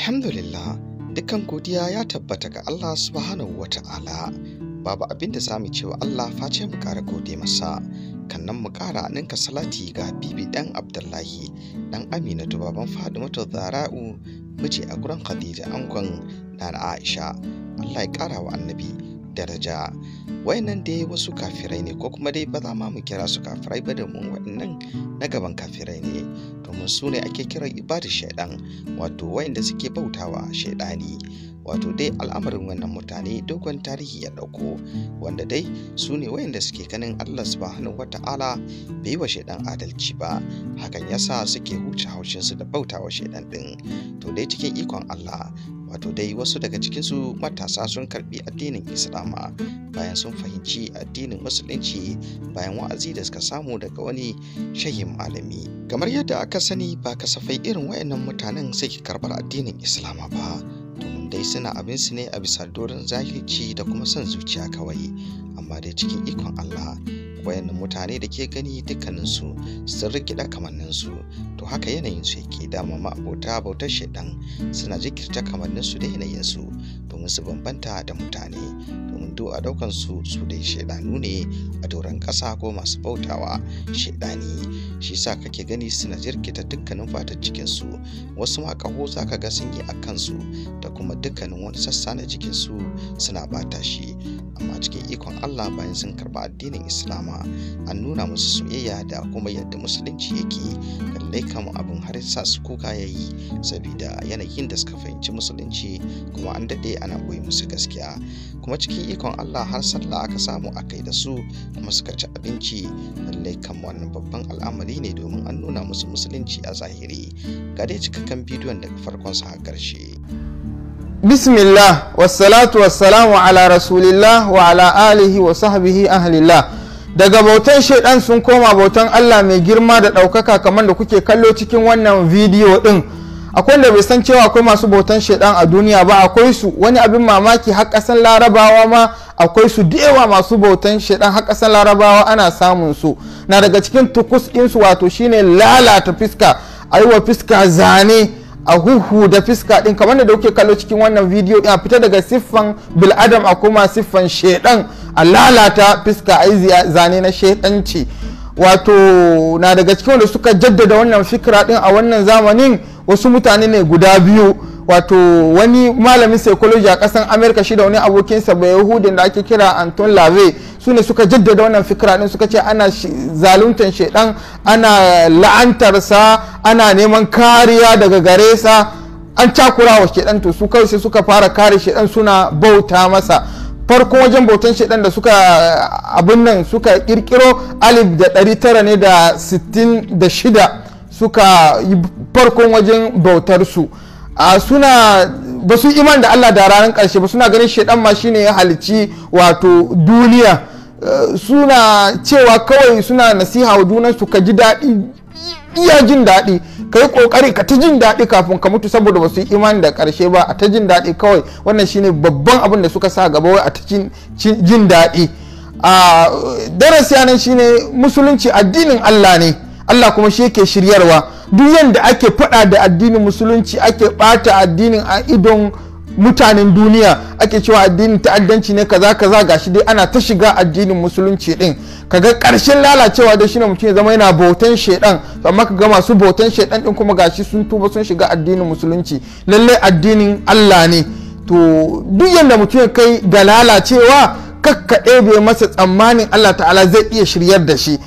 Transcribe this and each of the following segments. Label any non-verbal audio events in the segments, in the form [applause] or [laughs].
Alhamdulillah, dukkan godiya ya tabbata ga Allah subhanahu wa ta'ala. Babu abin da zamu cewa Allah face mu kara gode masa, kan nan mu ƙara ninka salati ga bibi ɗan Abdullahi, ɗan Amina baban Fadimatu Zara'u, miji a gurin Khadija angon na Aisha. Allah ya ƙara wa annabi. daraja wayannan dai wasu kafirai ne ko kuma dai ba za mu kira su kafirai ba da mun waɗannan na gaban kafirai ne domin su ne ake kiran ibadar shaidan wato wayanda suke bautawa shaidani wato dai al'amarin wannan mutane dogon tarihi ya ɗauko wanda dai su ne wayanda suke ganin allah Su ba subhanahu wata'ala bai wa shaidan adalci ba hakan yasa suke huce haushinsu da bautawa shaidan ɗin to dai cikin ikon allah wato dai wasu daga cikinsu matasa sun karbi addinin islama bayan sun fahimci addinin musulunci bayan wa'azi da suka samu daga wani shahin malami kamar yadda aka sani ba kasafai irin wayannan mutanen suke karbar addinin islama ba domin dai suna abin su ne a bisa doron zahilci da kuma son zuciya kawai amma dai cikin ikon allah wayannan mutane da ke gani dukkaninsu sun rikida kamanninsu to haka yanayinsu yake dama ma'abota bautar shaidan suna jikirta kamanninsu da yanayinsu domin su bambanta da mutane domin duk a daukan su su dai shaidanu ne a doron kasa ko masu bautawa shaidani shi sa kake gani suna jirkita dukkanin fatar cikinsu wasu ma kaho za ka ga sun yi a kansu da kuma dukkanin wani sassa na jikinsu suna bata shi kuma cikin ikon Allah bayan sun karba addinin Islama an nuna musu soyayya da kuma yadda musulunci yake lallai kam abin har sa su kuka yayi saboda yanayin da suka fahimci musulunci kuma an dade ana koyi musu gaskiya kuma cikin ikon Allah har sallah aka samu kai da su kuma suka ci abinci lallai kam wannan babban al'amari ne domin an nuna musu musulunci a zahiri ga dai cikakken bidiyon daga farkon sa har ƙarshe. bismillah wassalatu wassalamu ala rasulillah wa ala alihi wa sahbihi ahlillah daga bautan shaidan sun koma bautan Allah mai girma da ɗaukaka kamar da kuke kallo cikin wannan bidiyo ɗin akwai da bai san cewa akwai masu bautan shaidan a duniya ba akwai su wani abin mamaki har ƙasan larabawa ma akwai su da yawa masu bautan shaidan har ƙasan larabawa ana samun su na daga cikin tukus ɗinsu wato shine lalata fiska a yi fiska zane a huhu da fiska din kamar da kuke kallo cikin wannan bidiyo din a fita daga siffan bil'adam a kuma siffan shedan a lalata fiska yi zane na shedanci wato na daga cikin wanda suka jaddada wannan fikira din a wannan zamanin wasu mutane ne guda biyu wato wani malamin psychology a kasan america shi da wani abokinsa bai yahudin da ake kira anton lave su ne suka jaddada wannan fikira din suka ce ana zaluntan shaidan ana la'antarsa ana neman kariya daga gare sa an cakura wa shaidan to su kawai sai suka fara kare shaidan suna bauta masa farko wajen bautan shaidan da suka abin nan suka kirkiro alif da da sittin shida suka yi farkon wajen bautar su a suna ba su iman da Allah da ranar karshe ba suna ganin shaidan ma shine ya halicci wato duniya eh, suna cewa kawai suna nasiha wa su ka ji daɗi iya jin daɗi ka kokari ka ta jin daɗi kafin ka mutu saboda basu su imani da karshe ba a ta jin daɗi kawai wannan shine babban abin da suka sa gaba wai a ta jin daɗi a darasi nan shine musulunci addinin Allah ne Allah kuma shi yake shiryarwa duk yadda ake faɗa da addinin musulunci ake ɓata addinin a idon mutanen duniya ake cewa addinin ta'addanci ne kaza kaza shi dai ana ta shiga addinin musulunci din kaga karshen lalacewa da shine mutum ya zama yana bautan shaidan amma kaga masu bautan shaidan din kuma gashi sun tuba sun shiga addinin musulunci Lallai addinin Allah ne to duk yanda mutum ya kai da lalacewa kakkaɗe bai masa tsammanin Allah ta'ala zai iya shiryar da shi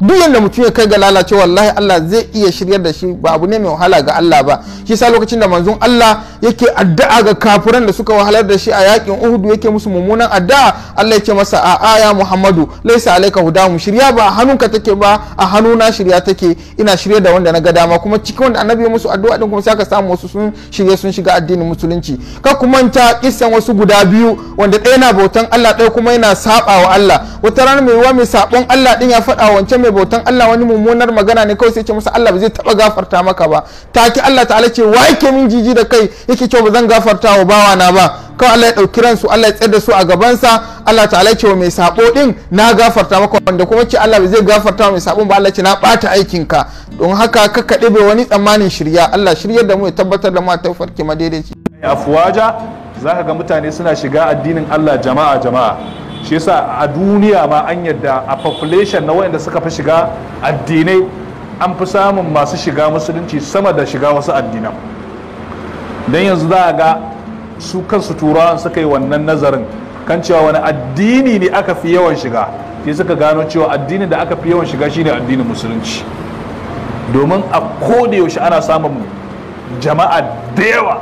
duk yadda mutum ya kai ga lalacewa wallahi Allah zai iya shiryar da shi ba abu ne mai wahala ga Allah ba shi sa lokacin da manzon Allah yake addu'a ga kafiran da suka wahalar da shi a yakin Uhud yake musu mummunan addu'a Allah yake masa a aya Muhammadu laisa alayka hudamu shirya ba a hannunka take ba a hannuna shirya take ina shirya da wanda na ga dama kuma cikin wanda annabi ya musu addu'a din kuma sai ka samu wasu sun shirye sun shiga addinin musulunci ka kuma ta kissan wasu guda biyu wanda ɗaya na bautan Allah ɗaya kuma yana saba wa Allah wata rana mai wa mai sabon Allah din ya faɗa wancan mai bautan Allah wani mummunar magana ne kawai sai ce masa Allah ba zai taba gafarta maka ba ta ki Allah ta'ala ce wa yake min jiji da kai yake cewa ba zan gafarta wa bawa na ba kawai Allah ya dauki ransu Allah ya tsayar da su a gabansa Allah ta'ala ce wa mai sabo din na gafarta maka wanda kuma ce Allah ba zai gafarta wa mai sabo ba Allah ce na bata aikin ka don haka ka bai wani tsammanin shirya Allah shiryar da mu ya tabbatar da mu a tafarki madaidaici afwaja zaka ga mutane suna shiga addinin Allah jama'a jama'a shi yasa a duniya ma an yadda a population na wayanda suka fi shiga addinai an fi samun masu shiga musulunci sama da shiga wasu addinan don yanzu za a ga su kansu turawan suka yi wannan nazarin kan cewa wani addini ne aka fi yawan shiga sai suka gano cewa addinin da aka fi yawan shiga ne addinin musulunci domin a koda yaushe ana samun jama'a da yawa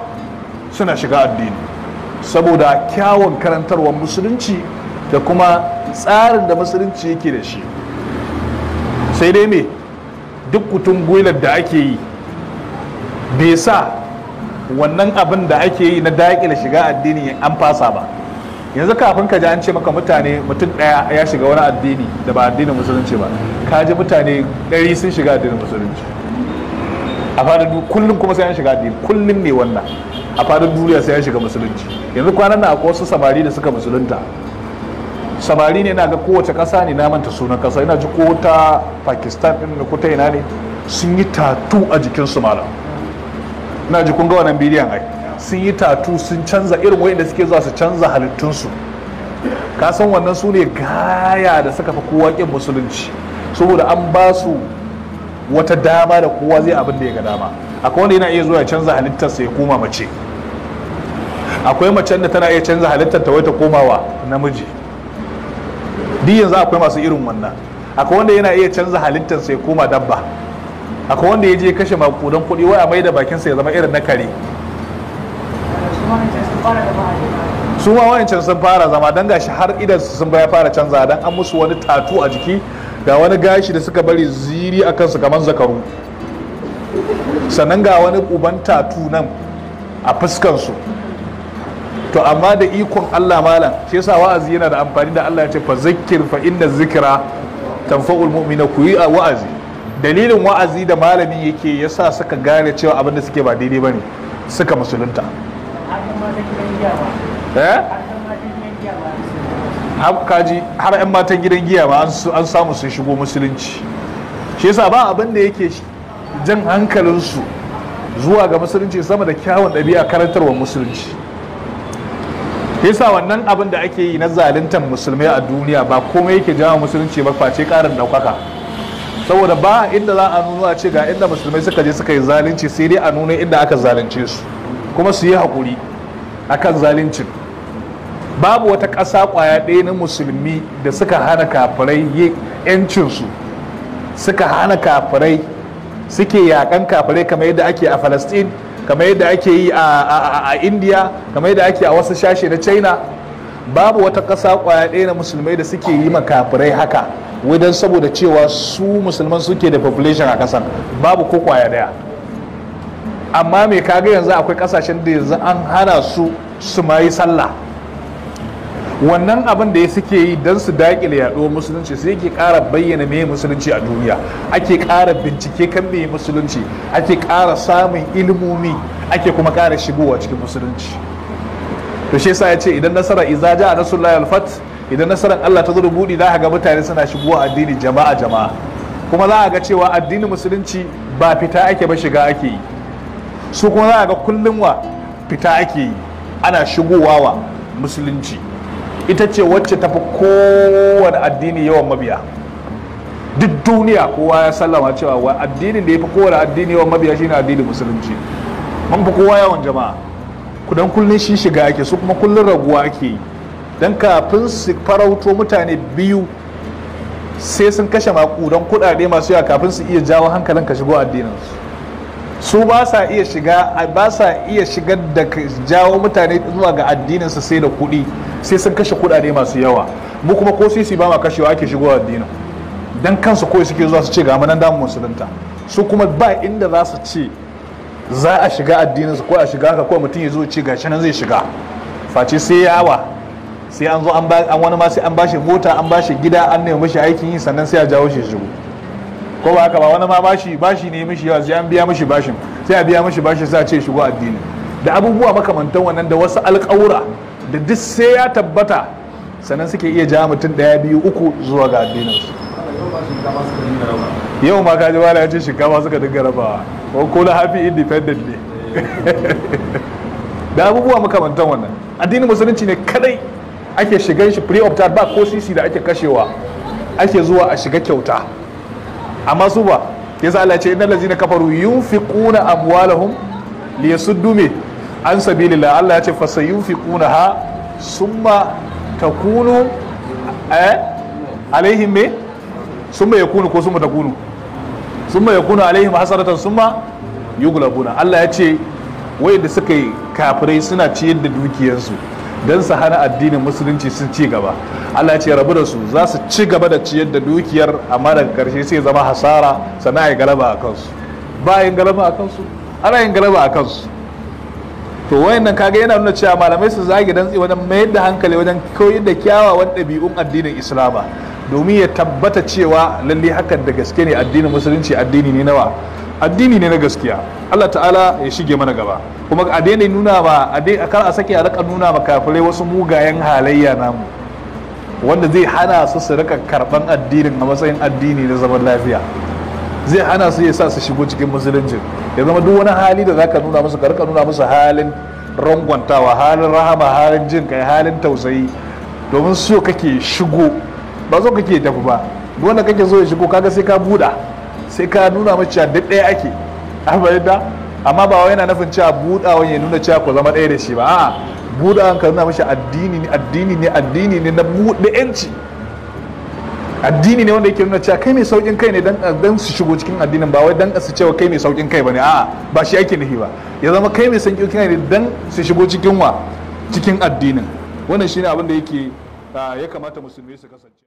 suna shiga addini saboda kyawun karantarwar musulunci da kuma tsarin da musulunci yake da shi sai dai me duk kutun gwilar da ake yi bai sa wannan abin da ake yi na daƙila shiga addini an fasa ba yanzu kafin ka ji an ce maka mutane mutum ɗaya ya shiga wani addini da ba addinin musulunci ba ka ji mutane ɗari sun shiga addinin musulunci a fadin kullum kuma sai an shiga addini kullum ne wannan a fadin duniya sai an shiga musulunci yanzu kwanan na akwai wasu samari da suka musulunta samari ne na ga kowace ƙasa ne na manta sunan ƙasa ina ji ko ta pakistan din ko ta ina ne sun yi tatu a jikin su malam ina ji kun ga wannan bidiyon ai sun yi tatu sun canza irin da suke zuwa su canza halittunsu ka san wannan su ne gaya da suka fi kowa kin musulunci saboda an ba su wata dama da kowa zai abin da ya ga dama akwai wanda yana iya zuwa ya canza halittarsa ya koma mace akwai macen da tana iya canza halittar ta wai ta komawa namiji duk yanzu akwai masu irin wannan akwai wanda yana iya canza halittar sai koma dabba akwai wanda ya je kashe makudan kuɗi waya mai da bakin sai ya zama irin na kare su ma wancan sun fara zama don gashi har idan sun baya fara canza don an musu wani tatu a jiki ga wani gashi da suka bari ziri a kansu kamar zakaru sannan ga wani uban tatu nan a fuskansu to amma da ikon Allah malam shi yasa wa'azi yana da amfani da Allah ya ce fa zikir fa inna zikra tanfa'ul mu'mina ku yi wa'azi dalilin wa'azi da malami yake yasa suka gane cewa abin da suke ba daidai bane suka musulunta eh? kaji har 'yan matan gidan giya ba an samu sun shigo musulunci shi yasa ba abin da yake jan hankalinsu zuwa ga musulunci sama da kyawun ɗabi'a karantarwar musulunci yasa wannan abin da ake yi na zaluntar musulmai a duniya ba komai yake jawo musulunci ba face karin daukaka saboda ba inda za a nuna ce ga inda musulmai suka je suka yi zalunci sai dai a nuna inda aka zalunce su kuma su yi a akan zaluncin babu wata ƙasa ƙwaya ɗaya na musulmi da suka hana kafirai yancinsu suka hana kafirai suke yakan kafirai kamar yadda ake a falastin kamar yadda ake yi a india kamar yadda ake a wasu shashe na china babu wata ƙasa kwaya ɗaya na musulmai da suke yi makafirai haka wajen saboda cewa su musulman suke da population a ƙasan babu ko kwaya ɗaya amma mai kaga yanzu akwai ƙasashen da yanzu an hana su su ma yi sallah wannan abin da ya suke yi don su daƙile yaɗuwar musulunci sai yake ƙara bayyana mai musulunci a duniya ake ƙara bincike kan mai musulunci ake ƙara samun ilimomi ake kuma ƙara shigowa cikin musulunci to shi yasa ya ce idan nasara iza ja a layar alfat idan nasarar Allah ta zo da buɗi za ga mutane suna shigowa addini jama'a jama'a kuma za a ga cewa addinin musulunci ba fita ake ba shiga ake yi su kuma za a ga kullum wa fita ake yi ana shigowa wa musulunci ita ce wacce tafi kowane addini yawan mabiya duk duniya kowa ya sallama cewa wa addinin da ya fi kowane addini yawan mabiya shine addinin musulunci man fi kowa yawan jama'a kudan kullun shi shiga ake su kuma kullun raguwa ake yi don kafin su farauto mutane biyu sai sun kashe makudan kudade masu yawa kafin su iya jawo hankalin ka shigo addinin su ba sa iya shiga ba sa iya shigar da jawo mutane zuwa ga addinin su sai da kuɗi sai sun kashe kudade masu yawa mu kuma ko su ba ma kashewa ake shigo addinin dan kansu ko suke zuwa su ce ga manan damu musulunta su kuma ba inda za su ce za a shiga addinin su ko a shiga haka ko mutum ya zo ce gashi nan zai shiga face sai yawa sai an zo an wani ma sai an bashi mota an bashi gida an nemi mishi aikin yi sannan sai a jawo shi shigo ko ba haka ba wani ma bashi bashi ne mishi yawa sai an biya mishi bashin sai a biya mishi bashin sai a ce shigo addini da abubuwa makamantan wannan da wasu alƙawura da duk sai ya tabbata sannan suke iya ja mutum daya biyu uku zuwa ga addininsu yau ma kaji bala ya ce shinkafa suka dinga rabawa ko ko na hafi independent ne [laughs] da abubuwa makamantan wannan addinin musulunci ne kadai ake shigan shi free of charge ba ko sisi da ake kashewa ake zuwa a shiga kyauta amma su ba yasa Allah ce innal ladzina kafaru yunfiquna amwalahum liyasuddu me an sabilillah Allah ya ce fasayunfiqunaha summa takunu eh alaihim me summa kunu ko summa kunu? summa yakunu alaihim hasaratan summa yuglabuna Allah ya ce da suka yi kafirai suna ciyar da dukiyarsu don su hana addinin musulunci sun ci gaba Allah ce rabu da su za su ci gaba da ciyar da dukiyar amma daga karshe sai zama hasara sana'a yi galaba a kansu bayan galaba a kansu ana yin galaba a kansu to wayannan kaga yana nuna cewa malamai su zagi tsi wajen mayar da hankali wajen koyar da kyawawan ɗabi'un addinin islama domin ya tabbata cewa lalle hakan da gaske ne addinin musulunci addini ne nawa addini ne na gaskiya Allah ta'ala ya shige mana gaba kuma a daina nuna ba a kar a sake a rika nuna ma kafirai wasu mugayen halayya namu wanda zai hana su su rika karɓar addinin a matsayin addini na zaman lafiya zai hana su ya sa su shigo cikin musulunci ya zama duk wani hali da zaka nuna musu ka rika nuna musu halin rangwantawa halin rahama halin jin kai halin tausayi domin so kake shigo ba zo kake tafi ba duk wanda kake so ya shigo kaga sai ka buɗa sai ka nuna musu cewa duk ɗaya ake abaida amma ba wai yana nufin cewa buɗawan ya nuna cewa ku zama ɗaya da shi ba a'a buɗawan ka nuna musu addini ne addini ne addini ne na buɗe 'yanci addini ne wanda yake nuna cewa kai mai saukin kai ne dan su shigo cikin addinin ba wai dan su cewa kai mai saukin kai bane a'a ba shi ake nufi ba ya zama kai mai saukin kai ne dan su shigo cikin wa cikin addinin wannan shine abin da yake ah, ya kamata musulmi su kasance